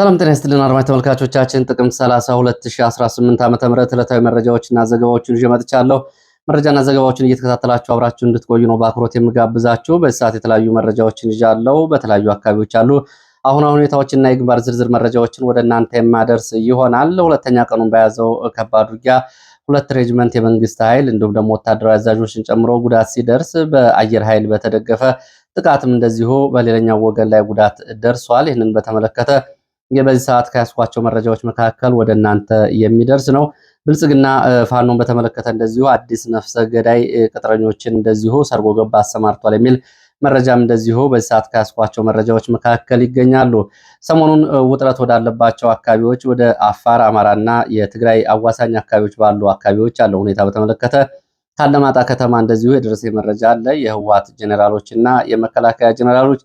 ሰላም ጤና ይስጥልን አድማጭ ተመልካቾቻችን፣ ጥቅምት 30 2018 ም ዕለታዊ መረጃዎችና ዘገባዎችን ይዤ መጥቻለሁ። መረጃና ዘገባዎችን እየተከታተላችሁ አብራችሁ እንድትቆዩ ነው በአክብሮት የምጋብዛችሁ። በሰዓት የተለያዩ መረጃዎችን ይዣለሁ። በተለያዩ አካባቢዎች አሉ አሁን አሁን ሁኔታዎችና የግንባር ዝርዝር መረጃዎችን ወደ እናንተ የማደርስ ይሆናል። ሁለተኛ ቀኑን በያዘው ከባድ ውጊያ ሁለት ሬጅመንት የመንግስት ኃይል እንዲሁም ደግሞ ወታደራዊ አዛዦችን ጨምሮ ጉዳት ሲደርስ በአየር ኃይል በተደገፈ ጥቃትም እንደዚሁ በሌላኛው ወገን ላይ ጉዳት ደርሷል። ይህንን በተመለከተ በዚህ ሰዓት ከያስኳቸው መረጃዎች መካከል ወደ እናንተ የሚደርስ ነው። ብልጽግና ፋኖን በተመለከተ እንደዚሁ አዲስ ነፍሰ ገዳይ ቅጥረኞችን እንደዚሁ ሰርጎ ገባ አሰማርቷል የሚል መረጃም እንደዚሁ በዚህ ሰዓት ከያስኳቸው መረጃዎች መካከል ይገኛሉ። ሰሞኑን ውጥረት ወዳለባቸው አካባቢዎች ወደ አፋር፣ አማራና የትግራይ አዋሳኝ አካባቢዎች ባሉ አካባቢዎች ያለው ሁኔታ በተመለከተ ከአለማጣ ከተማ እንደዚሁ የደረሰ መረጃ አለ። የህወሓት ጀኔራሎች እና የመከላከያ ጀኔራሎች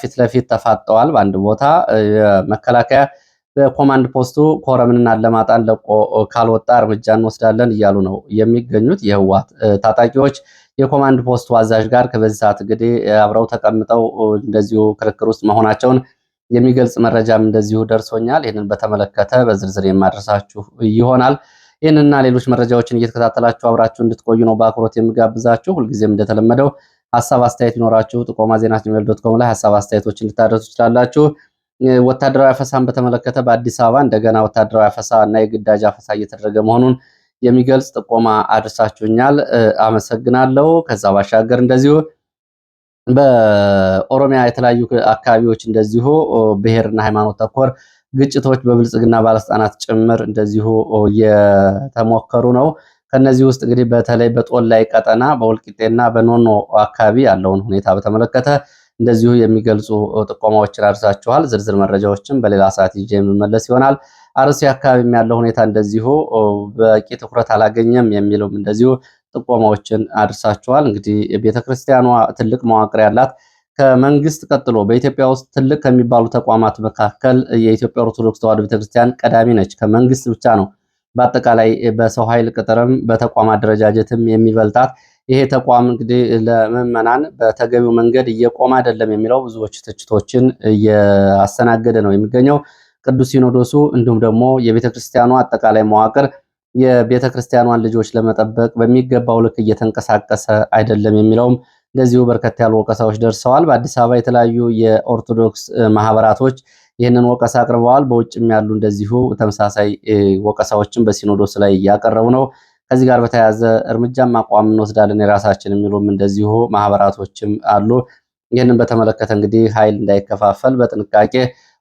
ፊት ለፊት ተፋጠዋል። በአንድ ቦታ መከላከያ በኮማንድ ፖስቱ ኮረምንና ለማጣን ለቆ ካልወጣ እርምጃ እንወስዳለን እያሉ ነው የሚገኙት የህወሓት ታጣቂዎች የኮማንድ ፖስቱ አዛዥ ጋር ከበዚህ ሰዓት እንግዲህ አብረው ተቀምጠው እንደዚሁ ክርክር ውስጥ መሆናቸውን የሚገልጽ መረጃም እንደዚሁ ደርሶኛል። ይህንን በተመለከተ በዝርዝር የማደርሳችሁ ይሆናል። ይህንና ሌሎች መረጃዎችን እየተከታተላችሁ አብራችሁ እንድትቆዩ ነው በአክብሮት የሚጋብዛችሁ ሁልጊዜም እንደተለመደው ሀሳብ አስተያየት ቢኖራችሁ ጥቆማ ዜና ጂሜል ዶት ኮም ላይ ሀሳብ አስተያየቶችን ልታደርሱ ትችላላችሁ። ወታደራዊ አፈሳን በተመለከተ በአዲስ አበባ እንደገና ወታደራዊ አፈሳ እና የግዳጅ አፈሳ እየተደረገ መሆኑን የሚገልጽ ጥቆማ አድርሳችሁኛል። አመሰግናለሁ። ከዛ ባሻገር እንደዚሁ በኦሮሚያ የተለያዩ አካባቢዎች እንደዚሁ ብሔርና ሃይማኖት ተኮር ግጭቶች በብልጽግና ባለስልጣናት ጭምር እንደዚሁ የተሞከሩ ነው። ከነዚህ ውስጥ እንግዲህ በተለይ በጦላይ ቀጠና በወልቂጤና በኖኖ አካባቢ ያለውን ሁኔታ በተመለከተ እንደዚሁ የሚገልጹ ጥቆማዎችን አድርሳችኋል። ዝርዝር መረጃዎችን በሌላ ሰዓት ይዤ የምመለስ ይሆናል። አርሲ አካባቢም ያለው ሁኔታ እንደዚሁ በቂ ትኩረት አላገኘም የሚለውም እንደዚሁ ጥቆማዎችን አድርሳችኋል። እንግዲህ ቤተክርስቲያኗ ትልቅ መዋቅር ያላት ከመንግስት ቀጥሎ በኢትዮጵያ ውስጥ ትልቅ ከሚባሉ ተቋማት መካከል የኢትዮጵያ ኦርቶዶክስ ተዋሕዶ ቤተክርስቲያን ቀዳሚ ነች። ከመንግስት ብቻ ነው በአጠቃላይ በሰው ኃይል ቅጥርም በተቋም አደረጃጀትም የሚበልጣት ይሄ ተቋም እንግዲህ ለምዕመናን በተገቢው መንገድ እየቆመ አይደለም የሚለው ብዙዎች ትችቶችን እያስተናገደ ነው የሚገኘው። ቅዱስ ሲኖዶሱ እንዲሁም ደግሞ የቤተ ክርስቲያኗ አጠቃላይ መዋቅር የቤተ ክርስቲያኗን ልጆች ለመጠበቅ በሚገባው ልክ እየተንቀሳቀሰ አይደለም የሚለውም እንደዚሁ በርከት ያሉ ወቀሳዎች ደርሰዋል። በአዲስ አበባ የተለያዩ የኦርቶዶክስ ማህበራቶች ይህንን ወቀሳ አቅርበዋል። በውጭም ያሉ እንደዚሁ ተመሳሳይ ወቀሳዎችን በሲኖዶስ ላይ እያቀረቡ ነው። ከዚህ ጋር በተያያዘ እርምጃም አቋም እንወስዳለን የራሳችን የሚሉም እንደዚሁ ማህበራቶችም አሉ። ይህንን በተመለከተ እንግዲህ ኃይል እንዳይከፋፈል በጥንቃቄ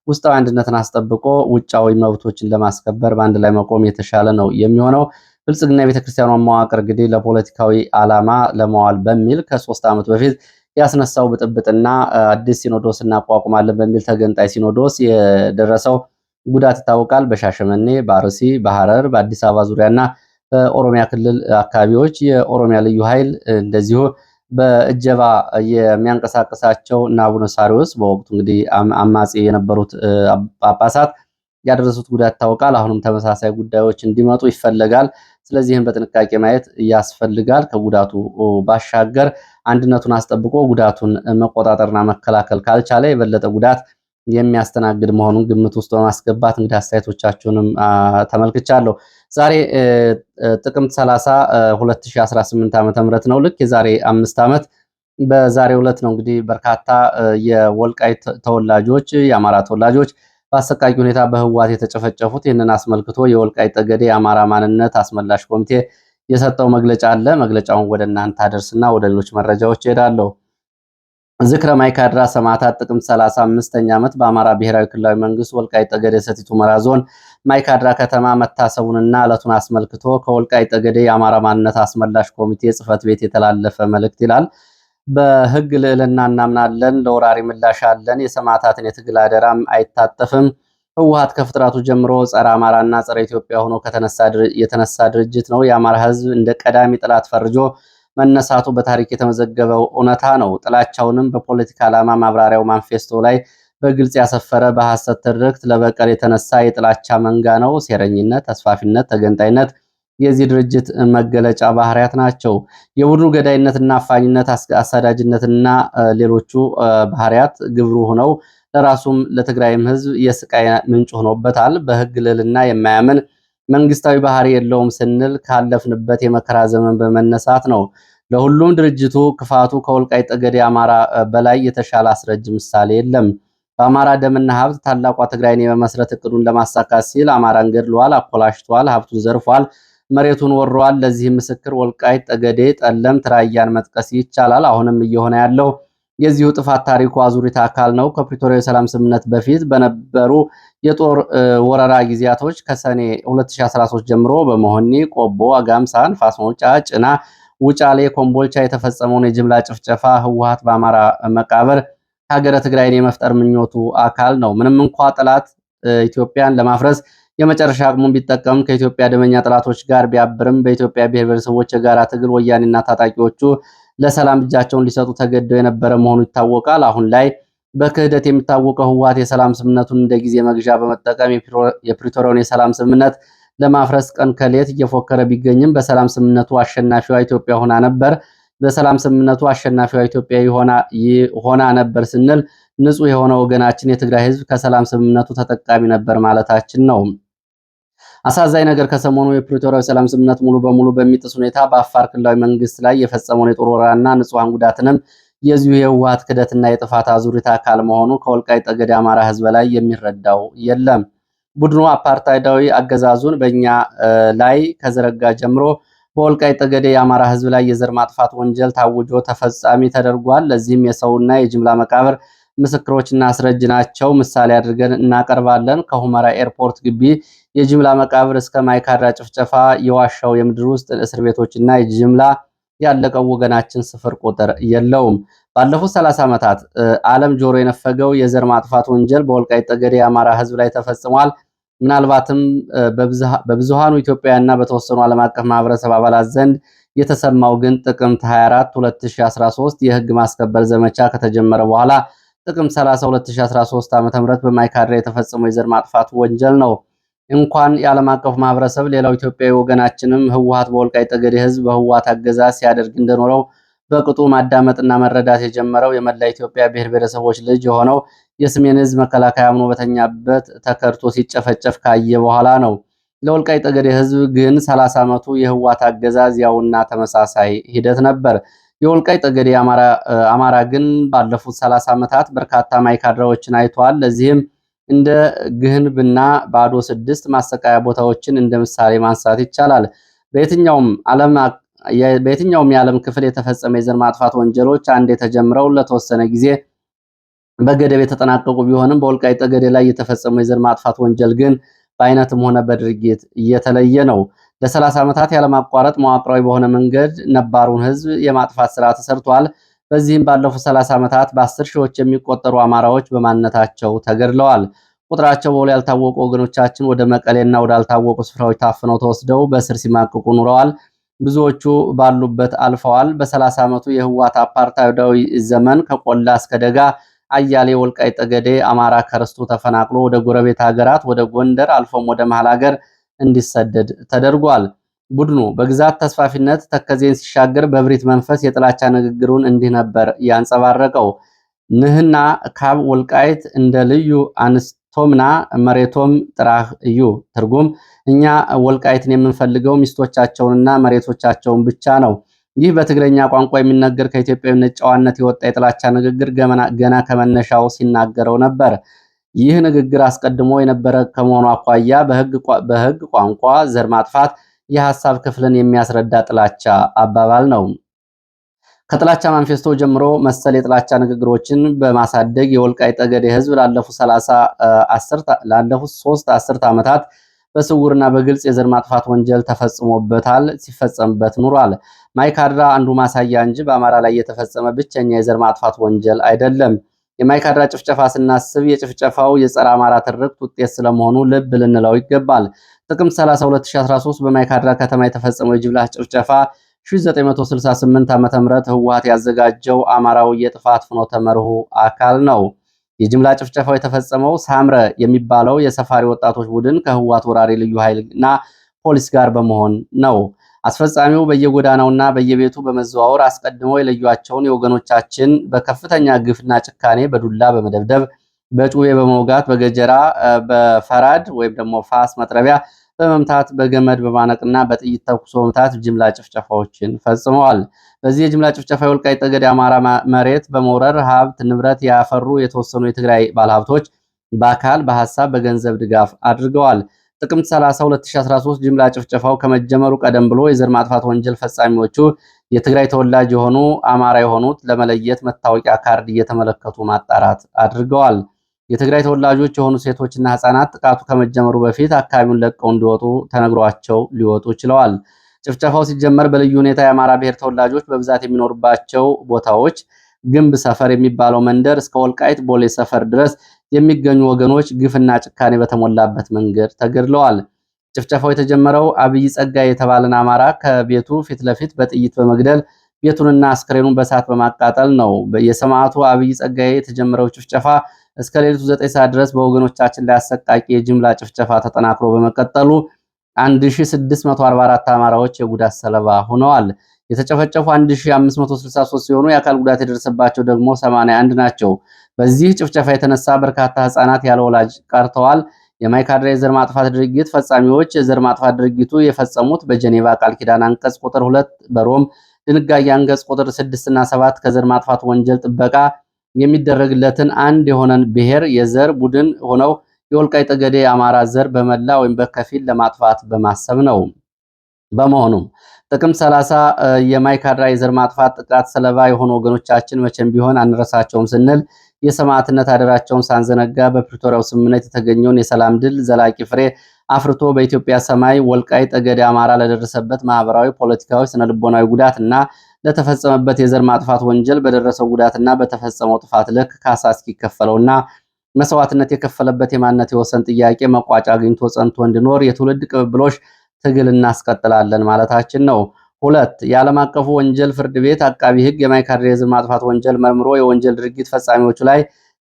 ውስጣዊ አንድነትን አስጠብቆ ውጫዊ መብቶችን ለማስከበር በአንድ ላይ መቆም የተሻለ ነው የሚሆነው። ብልጽግና የቤተክርስቲያኗን መዋቅር እንግዲህ ለፖለቲካዊ ዓላማ ለመዋል በሚል ከሶስት ዓመት በፊት ያስነሳው ብጥብጥና አዲስ ሲኖዶስ እናቋቁማለን በሚል ተገንጣይ ሲኖዶስ የደረሰው ጉዳት ይታወቃል። በሻሸመኔ፣ በአርሲ፣ በሐረር፣ በአዲስ አበባ ዙሪያና በኦሮሚያ ክልል አካባቢዎች የኦሮሚያ ልዩ ኃይል እንደዚሁ በእጀባ የሚያንቀሳቀሳቸው እና አቡነ ሳሪዎስ በወቅቱ እንግዲህ አማጺ የነበሩት ጳጳሳት ያደረሱት ጉዳት ይታወቃል። አሁንም ተመሳሳይ ጉዳዮች እንዲመጡ ይፈለጋል። ስለዚህም በጥንቃቄ ማየት ያስፈልጋል። ከጉዳቱ ባሻገር አንድነቱን አስጠብቆ ጉዳቱን መቆጣጠርና መከላከል ካልቻለ የበለጠ ጉዳት የሚያስተናግድ መሆኑን ግምት ውስጥ በማስገባት እንግዲህ አስተያየቶቻችሁንም ተመልክቻለሁ። ዛሬ ጥቅምት 30 2018 ዓ ም ነው። ልክ የዛሬ አምስት ዓመት በዛሬ ዕለት ነው እንግዲህ በርካታ የወልቃይት ተወላጆች የአማራ ተወላጆች በአሰቃቂ ሁኔታ በህወሓት የተጨፈጨፉት። ይህንን አስመልክቶ የወልቃይት ጠገዴ የአማራ ማንነት አስመላሽ ኮሚቴ የሰጠው መግለጫ አለ። መግለጫውን ወደ እናንተ አደርስና ወደ ሌሎች መረጃዎች ይሄዳለሁ። ዝክረ ማይካድራ ሰማዕታት ጥቅምት 35ኛ ዓመት በአማራ ብሔራዊ ክልላዊ መንግስት ወልቃይ ጠገዴ ሰቲት ሁመራ ዞን ማይካድራ ከተማ መታሰቡንና ዕለቱን አስመልክቶ ከወልቃይ ጠገዴ የአማራ ማንነት አስመላሽ ኮሚቴ ጽህፈት ቤት የተላለፈ መልእክት ይላል። በህግ ልዕልና እናምናለን፣ ለወራሪ ምላሽ አለን፣ የሰማዕታትን የትግል አደራም አይታጠፍም። ህወሓት ከፍጥራቱ ጀምሮ ጸረ አማራና ጸረ ኢትዮጵያ ሆኖ የተነሳ ድርጅት ነው። የአማራ ህዝብ እንደ ቀዳሚ ጥላት ፈርጆ መነሳቱ በታሪክ የተመዘገበው እውነታ ነው። ጥላቻውንም በፖለቲካ ዓላማ ማብራሪያው ማንፌስቶ ላይ በግልጽ ያሰፈረ በሐሰት ትርክት ለበቀል የተነሳ የጥላቻ መንጋ ነው። ሴረኝነት፣ ተስፋፊነት፣ ተገንጣይነት የዚህ ድርጅት መገለጫ ባህሪያት ናቸው። የቡድኑ ገዳይነትና አፋኝነት፣ አሳዳጅነትና ሌሎቹ ባህሪያት ግብሩ ሆነው ለራሱም ለትግራይም ህዝብ የስቃይ ምንጭ ሆኖበታል። በህግ ልዕልና የማያምን መንግስታዊ ባህሪ የለውም ስንል ካለፍንበት የመከራ ዘመን በመነሳት ነው። ለሁሉም ድርጅቱ ክፋቱ ከወልቃይ ጠገዴ አማራ በላይ የተሻለ አስረጅ ምሳሌ የለም። በአማራ ደምና ሀብት ታላቋ ትግራይን የመመስረት እቅዱን ለማሳካት ሲል አማራን ገድሏል፣ አኮላሽቷል፣ ሀብቱን ዘርፏል መሬቱን ወሯል። ለዚህ ምስክር ወልቃይት፣ ጠገዴ፣ ጠለምት፣ ራያን መጥቀስ ይቻላል። አሁንም እየሆነ ያለው የዚሁ ጥፋት ታሪኩ አዙሪት አካል ነው። ከፕሪቶሪያ የሰላም ስምምነት በፊት በነበሩ የጦር ወረራ ጊዜያቶች ከሰኔ 2013 ጀምሮ በመሆኒ፣ ቆቦ፣ አጋምሳ፣ ንፋስ መውጫ፣ ጭና፣ ውጫሌ፣ ኮምቦልቻ የተፈጸመውን የጅምላ ጭፍጨፋ ህወሓት በአማራ መቃብር ሀገረ ትግራይን የመፍጠር ምኞቱ አካል ነው። ምንም እንኳ ጠላት ኢትዮጵያን ለማፍረስ የመጨረሻ አቅሙን ቢጠቀም ከኢትዮጵያ ደመኛ ጠላቶች ጋር ቢያብርም በኢትዮጵያ ብሔር ብሔረሰቦች የጋራ ትግል ወያኔና ታጣቂዎቹ ለሰላም እጃቸውን ሊሰጡ ተገደው የነበረ መሆኑ ይታወቃል። አሁን ላይ በክህደት የሚታወቀው ህወሓት የሰላም ስምምነቱን እንደ ጊዜ መግዣ በመጠቀም የፕሪቶሪያውን የሰላም ስምምነት ለማፍረስ ቀን ከሌት እየፎከረ ቢገኝም በሰላም ስምምነቱ አሸናፊዋ ኢትዮጵያ ሆና ነበር በሰላም ስምምነቱ አሸናፊዋ ኢትዮጵያ ሆና ነበር ስንል ንጹህ የሆነ ወገናችን የትግራይ ህዝብ ከሰላም ስምምነቱ ተጠቃሚ ነበር ማለታችን ነው። አሳዛኝ ነገር ከሰሞኑ የፕሪቶሪያው ሰላም ስምምነት ሙሉ በሙሉ በሚጥስ ሁኔታ በአፋር ክልላዊ መንግስት ላይ የፈጸመውን የጦር ወረራና ንጹሐን ጉዳትንም የዚሁ የህወሓት ክደትና የጥፋት አዙሪት አካል መሆኑ ከወልቃይ ጠገዴ አማራ ህዝብ ላይ የሚረዳው የለም። ቡድኑ አፓርታይዳዊ አገዛዙን በእኛ ላይ ከዘረጋ ጀምሮ በወልቃይ ጠገዴ የአማራ ህዝብ ላይ የዘር ማጥፋት ወንጀል ታውጆ ተፈጻሚ ተደርጓል። ለዚህም የሰውና የጅምላ መቃብር ምስክሮችና አስረጅ ናቸው ምሳሌ አድርገን እናቀርባለን። ከሁመራ ኤርፖርት ግቢ የጅምላ መቃብር እስከ ማይካድራ ጭፍጨፋ የዋሻው የምድር ውስጥ እስር ቤቶችና የጅምላ ያለቀው ወገናችን ስፍር ቁጥር የለውም። ባለፉት 30 ዓመታት ዓለም ጆሮ የነፈገው የዘር ማጥፋት ወንጀል በወልቃይት ጠገዴ የአማራ ሕዝብ ላይ ተፈጽሟል። ምናልባትም በብዙሃኑ ኢትዮጵያውያንና በተወሰኑ ዓለም አቀፍ ማህበረሰብ አባላት ዘንድ የተሰማው ግን ጥቅምት 24 2013 የህግ ማስከበር ዘመቻ ከተጀመረ በኋላ ጥቅምት 30 2013 ዓ.ም በማይካድራ የተፈጸመው የዘር ማጥፋት ወንጀል ነው። እንኳን የዓለም አቀፉ ማህበረሰብ ሌላው ኢትዮጵያዊ ወገናችንም ህወሓት በወልቃይ ጠገዴ ህዝብ በህወሓት አገዛዝ ሲያደርግ እንደኖረው በቅጡ ማዳመጥና መረዳት የጀመረው የመላ ኢትዮጵያ ብሔር ብሔረሰቦች ልጅ የሆነው የሰሜን ህዝብ መከላከያ አምኖ በተኛበት ተከርቶ ሲጨፈጨፍ ካየ በኋላ ነው። ለወልቃይ ጠገዴ ህዝብ ግን 30 ዓመቱ የህወሓት አገዛዝ ያውና ተመሳሳይ ሂደት ነበር። የወልቃይ ጠገዴ አማራ ግን ባለፉት 30 ዓመታት በርካታ ማይካድራዎችን አይተዋል። ለዚህም እንደ ግህንብና ባዶ ስድስት ማሰቃያ ቦታዎችን እንደ ምሳሌ ማንሳት ይቻላል። በየትኛውም የዓለም ክፍል የተፈጸመ የዘር ማጥፋት ወንጀሎች አንዴ ተጀምረው ለተወሰነ ጊዜ በገደብ የተጠናቀቁ ቢሆንም በወልቃይ ጠገዴ ላይ የተፈጸመው የዘር ማጥፋት ወንጀል ግን በአይነትም ሆነ በድርጊት እየተለየ ነው። ለሰላሳ ዓመታት ያለማቋረጥ መዋቅራዊ በሆነ መንገድ ነባሩን ህዝብ የማጥፋት ስራ ተሰርቷል። በዚህም ባለፉት 30 ዓመታት በአስር ሺዎች የሚቆጠሩ አማራዎች በማንነታቸው ተገድለዋል። ቁጥራቸው በውል ያልታወቁ ወገኖቻችን ወደ መቀሌና ወዳልታወቁ ስፍራዎች ታፍነው ተወስደው በእስር ሲማቅቁ ኑረዋል። ብዙዎቹ ባሉበት አልፈዋል። በ30 ዓመቱ የህዋት አፓርታይዳዊ ዘመን ከቆላ እስከ ደጋ አያሌ ወልቃይ ጠገዴ አማራ ከርስቱ ተፈናቅሎ ወደ ጎረቤት ሀገራት፣ ወደ ጎንደር አልፎም ወደ መሃል ሀገር እንዲሰደድ ተደርጓል። ቡድኑ በግዛት ተስፋፊነት ተከዜን ሲሻገር በብሪት መንፈስ የጥላቻ ንግግሩን እንዲህ ነበር ያንጸባረቀው። ንህና ካብ ወልቃይት እንደ ልዩ አንስቶምና መሬቶም ጥራህ እዩ። ትርጉም እኛ ወልቃይትን የምንፈልገው ሚስቶቻቸውንና መሬቶቻቸውን ብቻ ነው። ይህ በትግረኛ ቋንቋ የሚነገር ከኢትዮጵያዊነት ጨዋነት የወጣ የጥላቻ ንግግር ገና ከመነሻው ሲናገረው ነበር። ይህ ንግግር አስቀድሞ የነበረ ከመሆኑ አኳያ በህግ ቋንቋ ዘር ማጥፋት የሐሳብ ክፍልን የሚያስረዳ ጥላቻ አባባል ነው። ከጥላቻ ማንፌስቶ ጀምሮ መሰል የጥላቻ ንግግሮችን በማሳደግ የወልቃይ ጠገዴ ህዝብ ላለፉት ላለፉት ሶስት አስርት ዓመታት በስውርና በግልጽ የዘር ማጥፋት ወንጀል ተፈጽሞበታል፣ ሲፈጸምበት ኑሯል። ማይካድራ አንዱ ማሳያ እንጂ በአማራ ላይ የተፈጸመ ብቸኛ የዘር ማጥፋት ወንጀል አይደለም። የማይካድራ ጭፍጨፋ ስናስብ የጭፍጨፋው የጸረ አማራ ትርክት ውጤት ስለመሆኑ ልብ ልንለው ይገባል። ጥቅምት 30 2013 በማይካድራ ከተማ የተፈጸመው የጅምላ ጭፍጨፋ 1968 ዓ.ም ህወሀት ያዘጋጀው አማራዊ የጥፋት ፍኖተ መርሁ አካል ነው። የጅምላ ጭፍጨፋው የተፈጸመው ሳምረ የሚባለው የሰፋሪ ወጣቶች ቡድን ከህወሀት ወራሪ ልዩ ኃይልና ፖሊስ ጋር በመሆን ነው። አስፈጻሚው በየጎዳናውና በየቤቱ በመዘዋወር አስቀድሞ የለዩቸውን የወገኖቻችን በከፍተኛ ግፍና ጭካኔ በዱላ በመደብደብ በጩቤ በመውጋት በገጀራ በፈራድ ወይም ደግሞ ፋስ መጥረቢያ በመምታት በገመድ በማነቅና በጥይት ተኩሶ መምታት ጅምላ ጭፍጨፋዎችን ፈጽመዋል። በዚህ የጅምላ ጭፍጨፋ የወልቃይት ጠገድ የአማራ መሬት በመውረር ሀብት ንብረት ያፈሩ የተወሰኑ የትግራይ ባለሀብቶች በአካል በሀሳብ በገንዘብ ድጋፍ አድርገዋል። ጥቅምት 30 2013 ጅምላ ጭፍጨፋው ከመጀመሩ ቀደም ብሎ የዘር ማጥፋት ወንጀል ፈጻሚዎቹ የትግራይ ተወላጅ የሆኑ አማራ የሆኑት ለመለየት መታወቂያ ካርድ እየተመለከቱ ማጣራት አድርገዋል። የትግራይ ተወላጆች የሆኑ ሴቶችና ህጻናት ጥቃቱ ከመጀመሩ በፊት አካባቢውን ለቀው እንዲወጡ ተነግሯቸው ሊወጡ ችለዋል። ጭፍጨፋው ሲጀመር በልዩ ሁኔታ የአማራ ብሔር ተወላጆች በብዛት የሚኖሩባቸው ቦታዎች ግንብ ሰፈር የሚባለው መንደር እስከ ወልቃይት ቦሌ ሰፈር ድረስ የሚገኙ ወገኖች ግፍና ጭካኔ በተሞላበት መንገድ ተገድለዋል። ጭፍጨፋው የተጀመረው አብይ ጸጋ የተባለን አማራ ከቤቱ ፊት ለፊት በጥይት በመግደል ቤቱንና አስክሬኑን በእሳት በማቃጠል ነው። የሰማዕቱ አብይ ጸጋይ የተጀመረው ጭፍጨፋ እስከ ሌሊቱ ዘጠኝ ሰዓት ድረስ በወገኖቻችን ላይ አሰቃቂ የጅምላ ጭፍጨፋ ተጠናክሮ በመቀጠሉ 1644 አማራዎች የጉዳት ሰለባ ሆነዋል። የተጨፈጨፉ 1563 ሲሆኑ የአካል ጉዳት የደረሰባቸው ደግሞ 81 ናቸው። በዚህ ጭፍጨፋ የተነሳ በርካታ ህፃናት ያለ ወላጅ ቀርተዋል። የማይካድራ የዘር ማጥፋት ድርጊት ፈጻሚዎች የዘር ማጥፋት ድርጊቱ የፈጸሙት በጀኔቫ ቃል ኪዳን አንቀጽ ቁጥር 2 በሮም ድንጋጌ አንቀጽ ቁጥር 6 እና 7 ከዘር ማጥፋት ወንጀል ጥበቃ የሚደረግለትን አንድ የሆነን ብሔር፣ የዘር ቡድን ሆነው የወልቃይ ጠገዴ የአማራ ዘር በመላ ወይም በከፊል ለማጥፋት በማሰብ ነው። በመሆኑም ጥቅምት 30 የማይካድራ የዘር ማጥፋት ጥቃት ሰለባ የሆኑ ወገኖቻችን መቼም ቢሆን አንረሳቸውም ስንል የሰማዕትነት አደራቸውን ሳንዘነጋ በፕሪቶሪያው ስምምነት የተገኘውን የሰላም ድል ዘላቂ ፍሬ አፍርቶ በኢትዮጵያ ሰማይ ወልቃይ ጠገዴ አማራ ለደረሰበት ማህበራዊ፣ ፖለቲካዊ፣ ስነልቦናዊ ጉዳት እና ለተፈጸመበት የዘር ማጥፋት ወንጀል በደረሰው ጉዳትና በተፈጸመው ጥፋት ልክ ካሳ እስኪከፈለውና መስዋዕትነት የከፈለበት የማንነት የወሰን ጥያቄ መቋጫ አግኝቶ ጸንቶ እንዲኖር የትውልድ ቅብብሎሽ ትግል እናስቀጥላለን ማለታችን ነው። ሁለት የዓለም አቀፉ ወንጀል ፍርድ ቤት አቃቢ ሕግ የማይካድራ የዘር ማጥፋት ወንጀል መርምሮ የወንጀል ድርጊት ፈጻሚዎቹ ላይ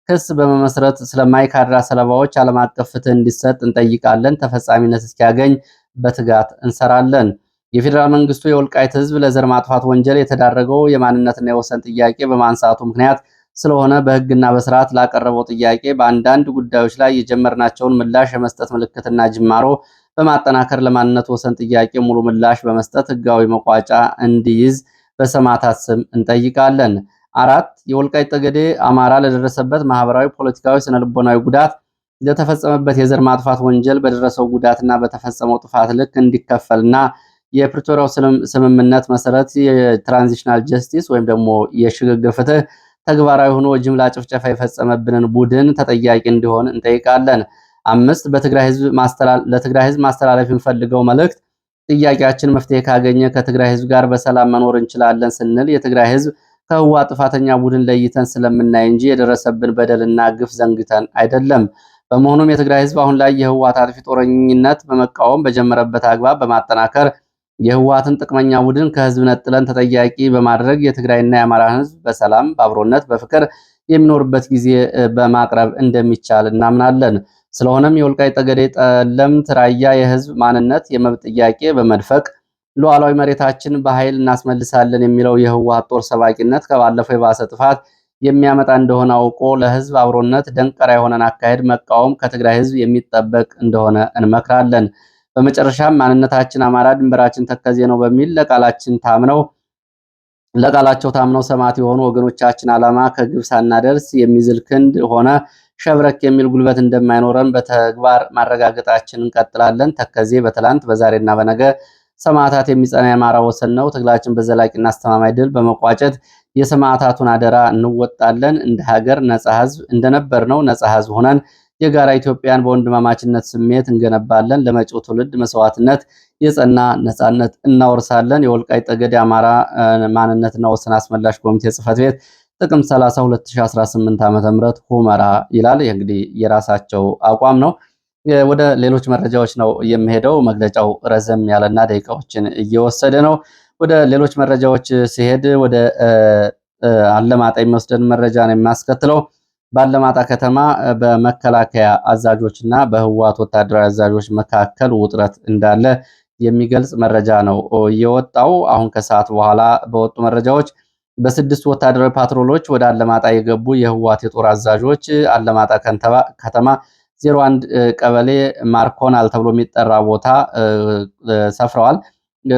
ክስ በመመስረት ስለማይካድራ ሰለባዎች ዓለም አቀፍ ፍትህ እንዲሰጥ እንጠይቃለን። ተፈጻሚነት እስኪያገኝ በትጋት እንሰራለን። የፌዴራል መንግስቱ የወልቃይት ህዝብ ለዘር ማጥፋት ወንጀል የተዳረገው የማንነትና የወሰን ጥያቄ በማንሳቱ ምክንያት ስለሆነ በህግና በስርዓት ላቀረበው ጥያቄ በአንዳንድ ጉዳዮች ላይ የጀመርናቸውን ምላሽ የመስጠት ምልክትና ጅማሮ በማጠናከር ለማንነት ወሰን ጥያቄ ሙሉ ምላሽ በመስጠት ህጋዊ መቋጫ እንዲይዝ በሰማዕታት ስም እንጠይቃለን። አራት የወልቃይት ጠገዴ አማራ ለደረሰበት ማህበራዊ፣ ፖለቲካዊ፣ ስነልቦናዊ ጉዳት ለተፈጸመበት የዘር ማጥፋት ወንጀል በደረሰው ጉዳትና በተፈጸመው ጥፋት ልክ እንዲከፈልና የፕሪቶሪያው ስምምነት መሰረት የትራንዚሽናል ጀስቲስ ወይም ደግሞ የሽግግር ፍትህ ተግባራዊ ሆኖ ጅምላ ጭፍጨፋ የፈጸመብንን ቡድን ተጠያቂ እንዲሆን እንጠይቃለን። አምስት ለትግራይ ህዝብ ማስተላለፍ የምፈልገው መልእክት ጥያቄያችን መፍትሄ ካገኘ ከትግራይ ህዝብ ጋር በሰላም መኖር እንችላለን ስንል የትግራይ ህዝብ ከህዋ ጥፋተኛ ቡድን ለይተን ስለምናይ እንጂ የደረሰብን በደልና ግፍ ዘንግተን አይደለም። በመሆኑም የትግራይ ህዝብ አሁን ላይ የህዋ አጥፊ ጦረኝነት በመቃወም በጀመረበት አግባብ በማጠናከር የህወሓትን ጥቅመኛ ቡድን ከህዝብ ነጥለን ተጠያቂ በማድረግ የትግራይና የአማራ ህዝብ በሰላም በአብሮነት፣ በፍቅር የሚኖርበት ጊዜ በማቅረብ እንደሚቻል እናምናለን። ስለሆነም የወልቃይ ጠገዴ፣ ጠለምት፣ ራያ የህዝብ ማንነት የመብት ጥያቄ በመድፈቅ ሉዓላዊ መሬታችን በኃይል እናስመልሳለን የሚለው የህወሓት ጦር ሰባቂነት ከባለፈው የባሰ ጥፋት የሚያመጣ እንደሆነ አውቆ ለህዝብ አብሮነት ደንቀራ የሆነን አካሄድ መቃወም ከትግራይ ህዝብ የሚጠበቅ እንደሆነ እንመክራለን። በመጨረሻም ማንነታችን አማራ ድንበራችን ተከዜ ነው በሚል ለቃላችን ታምነው ለቃላቸው ታምነው ሰማዕት የሆኑ ወገኖቻችን ዓላማ ከግብ ሳናደርስ የሚዝል ክንድ ሆነ ሸብረክ የሚል ጉልበት እንደማይኖረን በተግባር ማረጋገጣችን እንቀጥላለን። ተከዜ በትላንት በዛሬና በነገ ሰማዕታት የሚጸና የአማራ ወሰን ነው። ትግላችን በዘላቂና አስተማማኝ ድል በመቋጨት የሰማዕታቱን አደራ እንወጣለን። እንደ ሀገር ነጻ ህዝብ እንደነበር ነው ነጻ ህዝብ ሆነን የጋራ ኢትዮጵያን በወንድማማችነት ስሜት እንገነባለን። ለመጪው ትውልድ መስዋዕትነት የጸና ነጻነት እናወርሳለን። የወልቃይ ጠገድ አማራ ማንነትና ወሰን አስመላሽ ኮሚቴ ጽህፈት ቤት ጥቅምት 30 2018 ም ሁመራ ይላል። ይህ እንግዲህ የራሳቸው አቋም ነው። ወደ ሌሎች መረጃዎች ነው የምሄደው መግለጫው ረዘም ያለና ደቂቃዎችን እየወሰደ ነው። ወደ ሌሎች መረጃዎች ሲሄድ ወደ አለማጣ የሚወስደን መረጃ ነው የሚያስከትለው። በአለማጣ ከተማ በመከላከያ አዛዦች እና በህወሓት ወታደራዊ አዛዦች መካከል ውጥረት እንዳለ የሚገልጽ መረጃ ነው የወጣው። አሁን ከሰዓት በኋላ በወጡ መረጃዎች በስድስት ወታደራዊ ፓትሮሎች ወደ አለማጣ የገቡ የህወሓት የጦር አዛዦች አለማጣ ከተማ 01 ቀበሌ ማርኮናል ተብሎ የሚጠራ ቦታ ሰፍረዋል።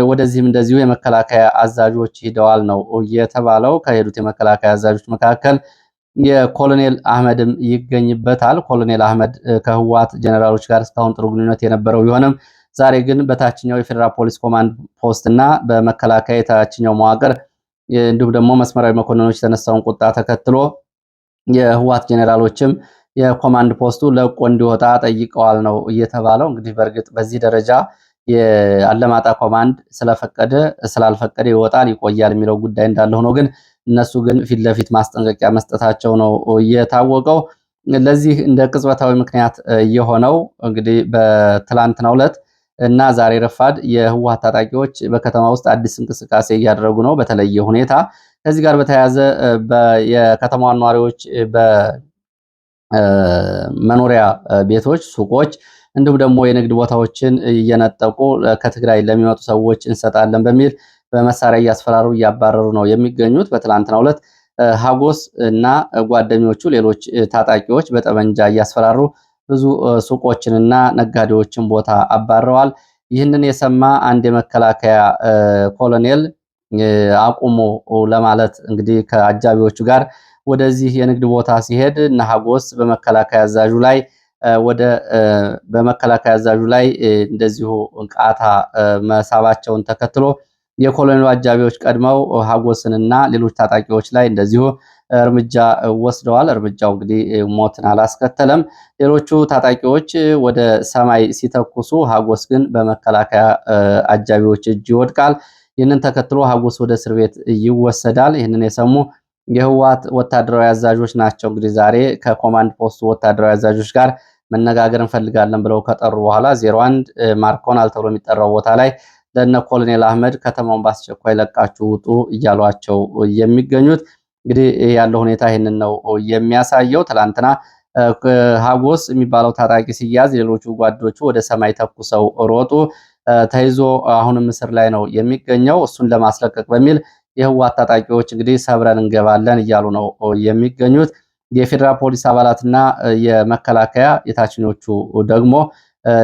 ወደዚህም እንደዚሁ የመከላከያ አዛዦች ሂደዋል ነው የተባለው። ከሄዱት የመከላከያ አዛዦች መካከል የኮሎኔል አህመድም ይገኝበታል። ኮሎኔል አህመድ ከህወሓት ጀነራሎች ጋር እስካሁን ጥሩ ግንኙነት የነበረው ቢሆንም ዛሬ ግን በታችኛው የፌዴራል ፖሊስ ኮማንድ ፖስት እና በመከላከያ የታችኛው መዋቅር እንዲሁም ደግሞ መስመራዊ መኮንኖች የተነሳውን ቁጣ ተከትሎ የህወሓት ጀኔራሎችም የኮማንድ ፖስቱ ለቆ እንዲወጣ ጠይቀዋል ነው እየተባለው። እንግዲህ በእርግጥ በዚህ ደረጃ የአለማጣ ኮማንድ ስለፈቀደ ስላልፈቀደ ይወጣል ይቆያል የሚለው ጉዳይ እንዳለ ሆኖ ግን እነሱ ግን ፊት ለፊት ማስጠንቀቂያ መስጠታቸው ነው የታወቀው። ለዚህ እንደ ቅጽበታዊ ምክንያት የሆነው እንግዲህ በትላንትናው ዕለት እና ዛሬ ረፋድ የህወሓት ታጣቂዎች በከተማ ውስጥ አዲስ እንቅስቃሴ እያደረጉ ነው በተለየ ሁኔታ። ከዚህ ጋር በተያያዘ የከተማዋ ነዋሪዎች በመኖሪያ ቤቶች፣ ሱቆች እንዲሁም ደግሞ የንግድ ቦታዎችን እየነጠቁ ከትግራይ ለሚመጡ ሰዎች እንሰጣለን በሚል በመሳሪያ እያስፈራሩ እያባረሩ ነው የሚገኙት። በትላንትና ሁለት ሀጎስ እና ጓደኞቹ ሌሎች ታጣቂዎች በጠመንጃ እያስፈራሩ ብዙ ሱቆችንና ነጋዴዎችን ቦታ አባረዋል። ይህንን የሰማ አንድ የመከላከያ ኮሎኔል አቁሞ ለማለት እንግዲህ ከአጃቢዎቹ ጋር ወደዚህ የንግድ ቦታ ሲሄድ እነ ሀጎስ በመከላከያ አዛዡ ላይ ወደ በመከላከያ አዛዡ ላይ እንደዚሁ ቃታ መሳባቸውን ተከትሎ የኮሎኔሉ አጃቢዎች ቀድመው ሀጎስንና ሌሎች ታጣቂዎች ላይ እንደዚሁ እርምጃ ወስደዋል። እርምጃው እንግዲህ ሞትን አላስከተለም። ሌሎቹ ታጣቂዎች ወደ ሰማይ ሲተኩሱ፣ ሀጎስ ግን በመከላከያ አጃቢዎች እጅ ይወድቃል። ይህንን ተከትሎ ሀጎስ ወደ እስር ቤት ይወሰዳል። ይህንን የሰሙ የህወሓት ወታደራዊ አዛዦች ናቸው እንግዲህ ዛሬ ከኮማንድ ፖስቱ ወታደራዊ አዛዦች ጋር መነጋገር እንፈልጋለን ብለው ከጠሩ በኋላ ዜሮ አንድ ማርኮናል ተብሎ የሚጠራው ቦታ ላይ ለነ ኮሎኔል አህመድ ከተማውን በአስቸኳይ ለቃችሁ ውጡ እያሏቸው የሚገኙት እንግዲህ ያለው ሁኔታ ይህንን ነው የሚያሳየው። ትላንትና ሀጎስ የሚባለው ታጣቂ ሲያዝ ሌሎቹ ጓዶቹ ወደ ሰማይ ተኩሰው ሮጡ። ተይዞ አሁንም እስር ላይ ነው የሚገኘው። እሱን ለማስለቀቅ በሚል የህወሓት ታጣቂዎች እንግዲህ ሰብረን እንገባለን እያሉ ነው የሚገኙት። የፌዴራል ፖሊስ አባላትና የመከላከያ የታችኞቹ ደግሞ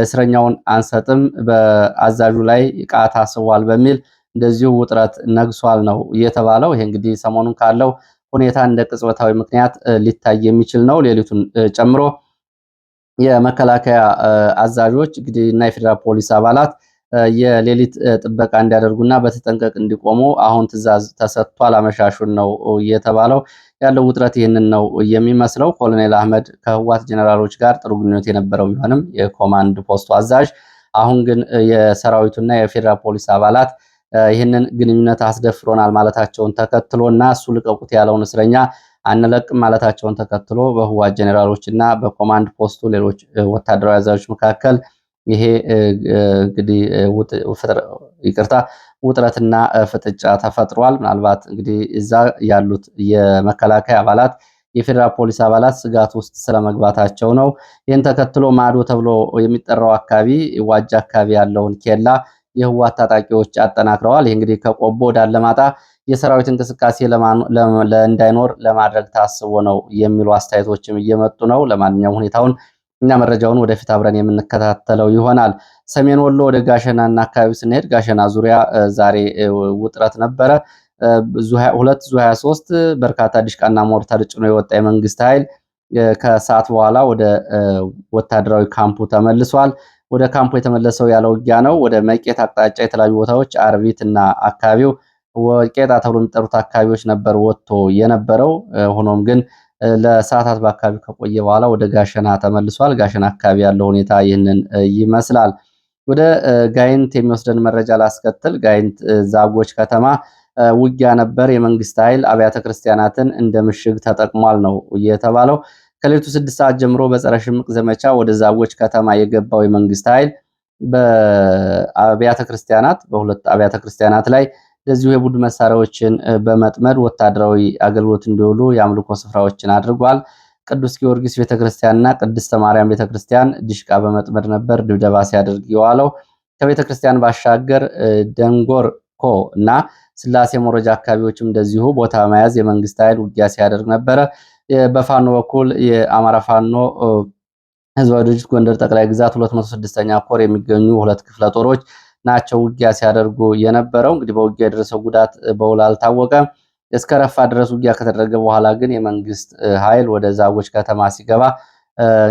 እስረኛውን አንሰጥም፣ በአዛዡ ላይ ቃታ ታስቧል በሚል እንደዚሁ ውጥረት ነግሷል ነው እየተባለው። ይሄ እንግዲህ ሰሞኑን ካለው ሁኔታ እንደ ቅጽበታዊ ምክንያት ሊታይ የሚችል ነው። ሌሊቱን ጨምሮ የመከላከያ አዛዦች እንግዲህ እና የፌዴራል ፖሊስ አባላት የሌሊት ጥበቃ እንዲያደርጉና በተጠንቀቅ እንዲቆሙ አሁን ትዕዛዝ ተሰጥቷል። አመሻሹን ነው የተባለው። ያለው ውጥረት ይህንን ነው የሚመስለው። ኮሎኔል አህመድ ከህዋት ጀኔራሎች ጋር ጥሩ ግንኙነት የነበረው ቢሆንም የኮማንድ ፖስቱ አዛዥ አሁን ግን የሰራዊቱና የፌዴራል ፖሊስ አባላት ይህንን ግንኙነት አስደፍሮናል ማለታቸውን ተከትሎ እና እሱ ልቀቁት ያለውን እስረኛ አንለቅም ማለታቸውን ተከትሎ በህዋት ጀኔራሎች እና በኮማንድ ፖስቱ ሌሎች ወታደራዊ አዛዦች መካከል ይሄ እንግዲህ ይቅርታ ውጥረትና ፍጥጫ ተፈጥሯል። ምናልባት እንግዲህ እዛ ያሉት የመከላከያ አባላት የፌዴራል ፖሊስ አባላት ስጋት ውስጥ ስለመግባታቸው ነው። ይህን ተከትሎ ማዶ ተብሎ የሚጠራው አካባቢ ዋጃ አካባቢ ያለውን ኬላ የህዋት ታጣቂዎች አጠናክረዋል። ይህ እንግዲህ ከቆቦ ወደ አለማጣ የሰራዊት እንቅስቃሴ እንዳይኖር ለማድረግ ታስቦ ነው የሚሉ አስተያየቶችም እየመጡ ነው። ለማንኛውም ሁኔታውን እኛ መረጃውን ወደፊት አብረን የምንከታተለው ይሆናል። ሰሜን ወሎ ወደ ጋሸናና አካባቢ ስንሄድ ጋሸና ዙሪያ ዛሬ ውጥረት ነበረ። ሁለት ዙ 23 በርካታ ዲሽቃና ሞርታር ጭኖ የወጣ የመንግስት ኃይል ከሰዓት በኋላ ወደ ወታደራዊ ካምፑ ተመልሷል። ወደ ካምፑ የተመለሰው ያለ ውጊያ ነው። ወደ መቄት አቅጣጫ የተለያዩ ቦታዎች አርቢት እና አካባቢው ቄጣ ተብሎ የሚጠሩት አካባቢዎች ነበር ወጥቶ የነበረው ሆኖም ግን ለሰዓታት በአካባቢ ከቆየ በኋላ ወደ ጋሸና ተመልሷል። ጋሸና አካባቢ ያለው ሁኔታ ይህንን ይመስላል። ወደ ጋይንት የሚወስደን መረጃ ላስከትል። ጋይንት ዛጎች ከተማ ውጊያ ነበር። የመንግስት ኃይል አብያተ ክርስቲያናትን እንደ ምሽግ ተጠቅሟል ነው የተባለው። ከሌቱ ስድስት ሰዓት ጀምሮ በጸረ ሽምቅ ዘመቻ ወደ ዛጎች ከተማ የገባው የመንግስት ኃይል በአብያተ ክርስቲያናት በሁለት አብያተ ክርስቲያናት ላይ እንደዚሁ የቡድን መሳሪያዎችን በመጥመድ ወታደራዊ አገልግሎት እንዲውሉ የአምልኮ ስፍራዎችን አድርጓል። ቅዱስ ጊዮርጊስ ቤተክርስቲያንና ቅድስተ ማርያም ቤተክርስቲያን ዲሽቃ በመጥመድ ነበር ድብደባ ሲያደርግ የዋለው። ከቤተክርስቲያን ባሻገር ኮ እና ስላሴ መረጃ አካባቢዎችም እንደዚሁ ቦታ መያዝ የመንግስት ኃይል ውጊያ ሲያደርግ ነበረ። በፋኖ በኩል የአማራ ፋኖ ህዝባዊ ድርጅት ጎንደር ጠቅላይ ግዛት 206ኛ ኮር የሚገኙ ሁለት ክፍለ ጦሮች ናቸው ውጊያ ሲያደርጉ የነበረው። እንግዲህ በውጊያ የደረሰው ጉዳት በውል አልታወቀም። እስከ ረፋ ድረስ ውጊያ ከተደረገ በኋላ ግን የመንግስት ኃይል ወደ ዛጎች ከተማ ሲገባ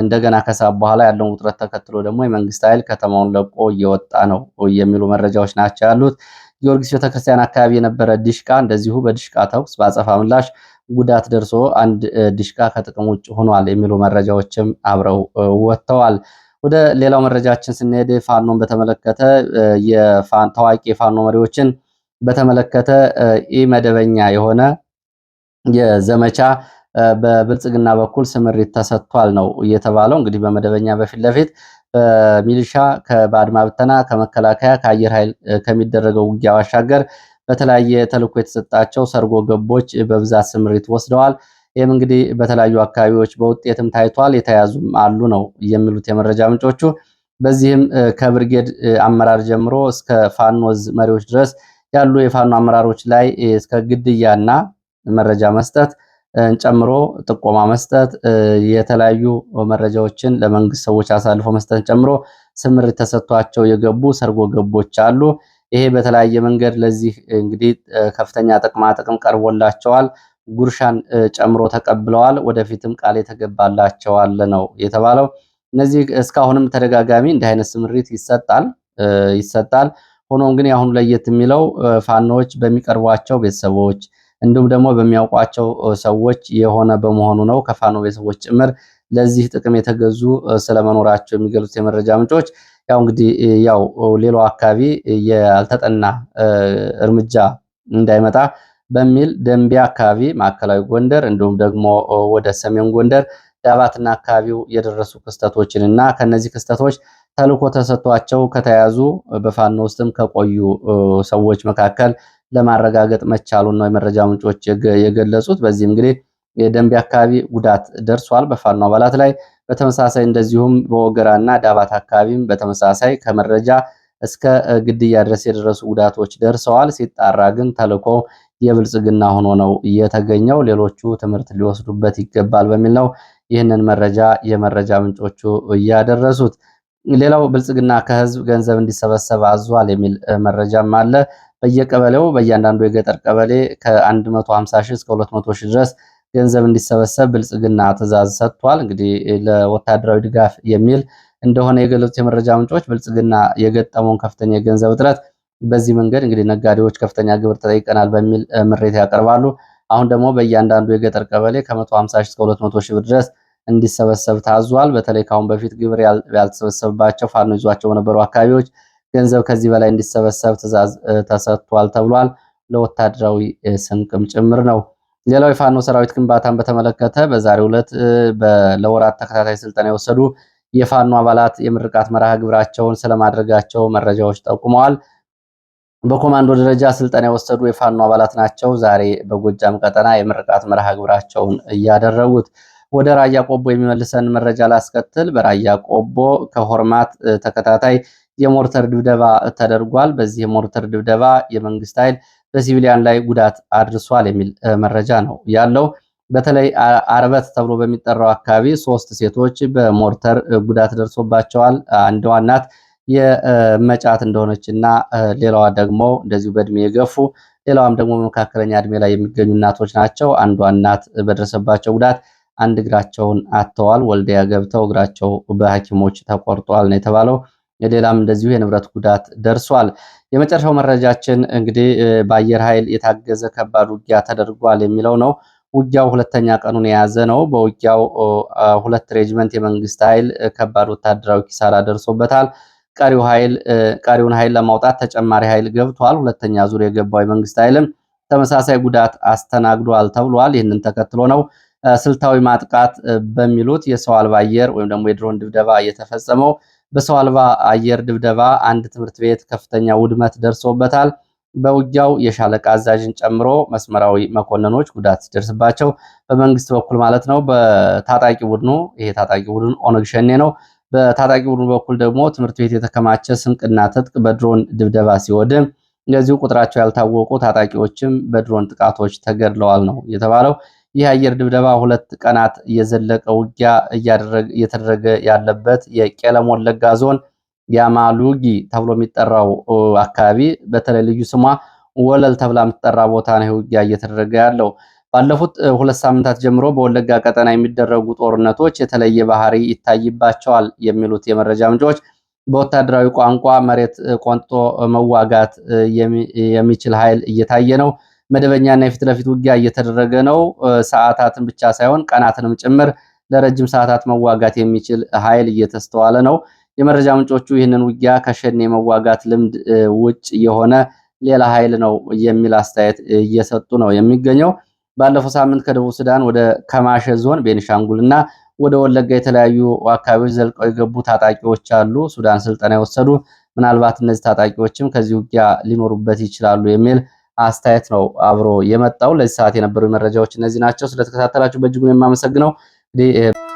እንደገና ከሰዓት በኋላ ያለውን ውጥረት ተከትሎ ደግሞ የመንግስት ኃይል ከተማውን ለቆ እየወጣ ነው የሚሉ መረጃዎች ናቸው ያሉት። ጊዮርጊስ ቤተክርስቲያን አካባቢ የነበረ ዲሽቃ እንደዚሁ በዲሽቃ ተኩስ በአጸፋ ምላሽ ጉዳት ደርሶ አንድ ዲሽቃ ከጥቅም ውጭ ሆኗል የሚሉ መረጃዎችም አብረው ወጥተዋል። ወደ ሌላው መረጃችን ስንሄድ ፋኖን በተመለከተ ታዋቂ የፋኖ መሪዎችን በተመለከተ ኢመደበኛ የሆነ የዘመቻ በብልጽግና በኩል ስምሪት ተሰጥቷል ነው እየተባለው። እንግዲህ በመደበኛ በፊት ለፊት በሚሊሻ ከባድማ ብተና ከመከላከያ ከአየር ኃይል ከሚደረገው ውጊያ ባሻገር በተለያየ ተልዕኮ የተሰጣቸው ሰርጎ ገቦች በብዛት ስምሪት ወስደዋል። ይህም እንግዲህ በተለያዩ አካባቢዎች በውጤትም ታይቷል። የተያዙም አሉ ነው የሚሉት የመረጃ ምንጮቹ። በዚህም ከብርጌድ አመራር ጀምሮ እስከ ፋኖዝ መሪዎች ድረስ ያሉ የፋኖ አመራሮች ላይ እስከ ግድያና መረጃ መስጠት ጨምሮ ጥቆማ መስጠት፣ የተለያዩ መረጃዎችን ለመንግስት ሰዎች አሳልፎ መስጠት ጨምሮ ስምር ተሰጥቷቸው የገቡ ሰርጎ ገቦች አሉ። ይሄ በተለያየ መንገድ ለዚህ እንግዲህ ከፍተኛ ጥቅማ ጥቅም ቀርቦላቸዋል። ጉርሻን ጨምሮ ተቀብለዋል። ወደፊትም ቃል የተገባላቸው አለ ነው የተባለው። እነዚህ እስካሁንም ተደጋጋሚ እንዲህ አይነት ስምሪት ይሰጣል ይሰጣል። ሆኖም ግን አሁን ለየት የሚለው ፋኖዎች በሚቀርቧቸው ቤተሰቦች እንዲሁም ደግሞ በሚያውቋቸው ሰዎች የሆነ በመሆኑ ነው። ከፋኖ ቤተሰቦች ጭምር ለዚህ ጥቅም የተገዙ ስለመኖራቸው የሚገልጹት የመረጃ ምንጮች ያው እንግዲህ ያው ሌላው አካባቢ ያልተጠና እርምጃ እንዳይመጣ በሚል ደንቢያ አካባቢ ማዕከላዊ ጎንደር እንዲሁም ደግሞ ወደ ሰሜን ጎንደር ዳባትና አካባቢው የደረሱ ክስተቶችን እና ከነዚህ ክስተቶች ተልኮ ተሰጥቷቸው ከተያዙ በፋኖ ውስጥም ከቆዩ ሰዎች መካከል ለማረጋገጥ መቻሉን ነው የመረጃ ምንጮች የገለጹት። በዚህ እንግዲህ የደንቢ አካባቢ ጉዳት ደርሷል በፋኖ አባላት ላይ። በተመሳሳይ እንደዚሁም በወገራና ዳባት አካባቢም በተመሳሳይ ከመረጃ እስከ ግድያ ድረስ የደረሱ ጉዳቶች ደርሰዋል። ሲጣራ ግን ተልዕኮ የብልጽግና ሆኖ ነው የተገኘው። ሌሎቹ ትምህርት ሊወስዱበት ይገባል በሚል ነው ይህንን መረጃ የመረጃ ምንጮቹ እያደረሱት። ሌላው ብልጽግና ከህዝብ ገንዘብ እንዲሰበሰብ አዟል የሚል መረጃም አለ። በየቀበሌው በእያንዳንዱ የገጠር ቀበሌ ከ150 ሺህ እስከ 200 ሺህ ድረስ ገንዘብ እንዲሰበሰብ ብልጽግና ትእዛዝ ሰጥቷል። እንግዲህ ለወታደራዊ ድጋፍ የሚል እንደሆነ የገለጹት የመረጃ ምንጮች ብልጽግና የገጠመውን ከፍተኛ የገንዘብ እጥረት በዚህ መንገድ እንግዲህ ነጋዴዎች ከፍተኛ ግብር ተጠይቀናል በሚል ምሬት ያቀርባሉ። አሁን ደግሞ በእያንዳንዱ የገጠር ቀበሌ ከ150 እስከ 200 ሺህ ብር ድረስ እንዲሰበሰብ ታዟል። በተለይ ከአሁን በፊት ግብር ያልተሰበሰብባቸው ፋኖ ይዟቸው በነበሩ አካባቢዎች ገንዘብ ከዚህ በላይ እንዲሰበሰብ ትዕዛዝ ተሰጥቷል ተብሏል። ለወታደራዊ ስንቅም ጭምር ነው። ሌላው የፋኖ ሰራዊት ግንባታን በተመለከተ በዛሬው ዕለት ለወራት ተከታታይ ስልጠና የወሰዱ የፋኖ አባላት የምርቃት መርሃ ግብራቸውን ስለማድረጋቸው መረጃዎች ጠቁመዋል። በኮማንዶ ደረጃ ስልጠና የወሰዱ የፋኖ አባላት ናቸው። ዛሬ በጎጃም ቀጠና የምርቃት መርሃ ግብራቸውን እያደረጉት። ወደ ራያ ቆቦ የሚመልሰን መረጃ ላስከትል። በራያ ቆቦ ከሆርማት ተከታታይ የሞርተር ድብደባ ተደርጓል። በዚህ የሞርተር ድብደባ የመንግስት ኃይል በሲቪሊያን ላይ ጉዳት አድርሷል የሚል መረጃ ነው ያለው። በተለይ አርበት ተብሎ በሚጠራው አካባቢ ሶስት ሴቶች በሞርተር ጉዳት ደርሶባቸዋል። አንዷ እናት የመጫት እንደሆነች እና ሌላዋ ደግሞ እንደዚሁ በእድሜ የገፉ ሌላዋም ደግሞ በመካከለኛ እድሜ ላይ የሚገኙ እናቶች ናቸው። አንዷ እናት በደረሰባቸው ጉዳት አንድ እግራቸውን አጥተዋል። ወልዲያ ገብተው እግራቸው በሐኪሞች ተቆርጧል ነው የተባለው። ሌላም እንደዚሁ የንብረት ጉዳት ደርሷል። የመጨረሻው መረጃችን እንግዲህ በአየር ኃይል የታገዘ ከባድ ውጊያ ተደርጓል የሚለው ነው። ውጊያው ሁለተኛ ቀኑን የያዘ ነው። በውጊያው ሁለት ሬጅመንት የመንግስት ኃይል ከባድ ወታደራዊ ኪሳራ ደርሶበታል። ቀሪውን ኃይል ለማውጣት ተጨማሪ ኃይል ገብቷል። ሁለተኛ ዙር የገባው የመንግስት ኃይልም ተመሳሳይ ጉዳት አስተናግዷል ተብሏል። ይህንን ተከትሎ ነው ስልታዊ ማጥቃት በሚሉት የሰው አልባ አየር ወይም ደግሞ የድሮን ድብደባ እየተፈጸመው። በሰው አልባ አየር ድብደባ አንድ ትምህርት ቤት ከፍተኛ ውድመት ደርሶበታል። በውጊያው የሻለቃ አዛዥን ጨምሮ መስመራዊ መኮንኖች ጉዳት ሲደርስባቸው፣ በመንግስት በኩል ማለት ነው በታጣቂ ቡድኑ ይሄ ታጣቂ ቡድን ኦነግ ሸኔ ነው በታጣቂ ቡድኑ በኩል ደግሞ ትምህርት ቤት የተከማቸ ስንቅና ትጥቅ በድሮን ድብደባ ሲወድም እንደዚሁ ቁጥራቸው ያልታወቁ ታጣቂዎችም በድሮን ጥቃቶች ተገድለዋል ነው የተባለው። ይህ አየር ድብደባ ሁለት ቀናት የዘለቀ ውጊያ እየተደረገ ያለበት የቄለም ወለጋ ዞን ያማሉጊ ተብሎ የሚጠራው አካባቢ በተለይ ልዩ ስሟ ወለል ተብላ የምትጠራ ቦታ ነው ውጊያ እየተደረገ ያለው። ባለፉት ሁለት ሳምንታት ጀምሮ በወለጋ ቀጠና የሚደረጉ ጦርነቶች የተለየ ባህሪ ይታይባቸዋል የሚሉት የመረጃ ምንጮች በወታደራዊ ቋንቋ መሬት ቆንጥጦ መዋጋት የሚችል ኃይል እየታየ ነው። መደበኛና የፊት ለፊት ውጊያ እየተደረገ ነው። ሰዓታትን ብቻ ሳይሆን ቀናትንም ጭምር ለረጅም ሰዓታት መዋጋት የሚችል ኃይል እየተስተዋለ ነው። የመረጃ ምንጮቹ ይህንን ውጊያ ከሸኔ የመዋጋት ልምድ ውጭ የሆነ ሌላ ኃይል ነው የሚል አስተያየት እየሰጡ ነው የሚገኘው። ባለፈው ሳምንት ከደቡብ ሱዳን ወደ ከማሸ ዞን እና ወደ ወለጋ የተለያዩ አካባቢዎች ዘልቀው የገቡ ታጣቂዎች አሉ። ሱዳን ስልጠና የወሰዱ ምናልባት እነዚህ ታጣቂዎችም ከዚህ ውጊያ ሊኖሩበት ይችላሉ የሚል አስተያየት ነው አብሮ የመጣው። ለዚህ ሰዓት የነበሩ መረጃዎች እነዚህ ናቸው። ስለተከታተላችሁ በእጅጉን የማመሰግነው እንግዲህ